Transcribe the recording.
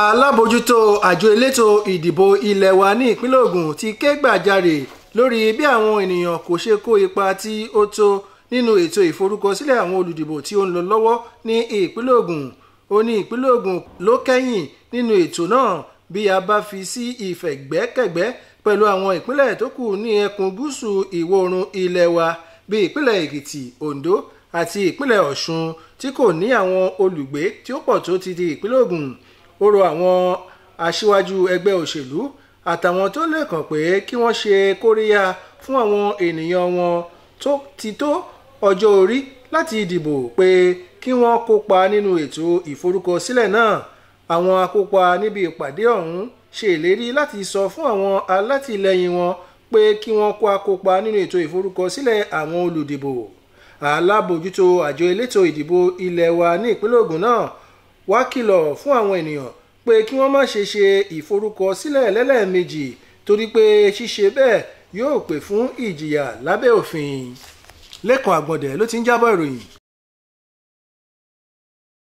alábòjútó àjọ elétò ìdìbò ilẹ̀ wa ní ìpínlẹ̀ Ògùn ti ké gbàjarè lórí bí àwọn ènìyàn kò ṣe kó ipa tí ó tó nínú ètò ìforúkọsílẹ̀ àwọn olùdìbò tí ó ń lọ lọ́wọ́ ní ìpínlẹ̀ Ògùn ó ní ìpínlẹ̀ Ògùn ló kẹ́yìn nínú ètò náà bí a bá fi sí ìfẹ̀gbẹ́kẹ̀gbẹ́ pẹ̀lú àwọn ìpínlẹ̀ tó kù ní ẹkùn gúúsù ìwọ̀ oòrùn ilẹ̀ wa bí ìpínlẹ̀ Èkìtì Oǹdó àti ìpínlẹ̀ Ọ̀ṣun tí kò ní àwọn olùgbé tí ó pọ̀ tó ti di ìpínlẹ̀ Ògùn ó rọ àwọn aṣíwájú ẹgbẹ́ òṣèlú àtàwọn tó lè kàn pé kí wọ́n ṣe kóríyá fún àwọn ènìyàn wọn tó ti tó ọjọ́ orí láti dìbò pé kí wọ́n kópa nínú ètò ìforúkọsílẹ̀ náà àwọn akópa níbi ìpàdé ọ̀hún ṣe ìlérí láti sọ fún àwọn alátìlẹyìn wọn pé kí wọ́n kó akópa nínú ètò ìforúkọsílẹ̀ àwọn olùdìbò alábòjútó àjọ elétò ìdìbò ilé wa ní ìpínlẹ̀ Ògùn náà wá kìlọ̀ fún àwọn ènìyàn pé kí wọ́n má ṣe ṣe ìforúkọsílẹ̀ lẹ́lẹ́ẹ̀mejì torí pé ṣíṣe bẹ́ẹ̀ yóò pè fún ìjìyà lábẹ́ òfin lẹ́kàn àgbọ̀dẹ ló ti ń jábọ̀ ìròyìn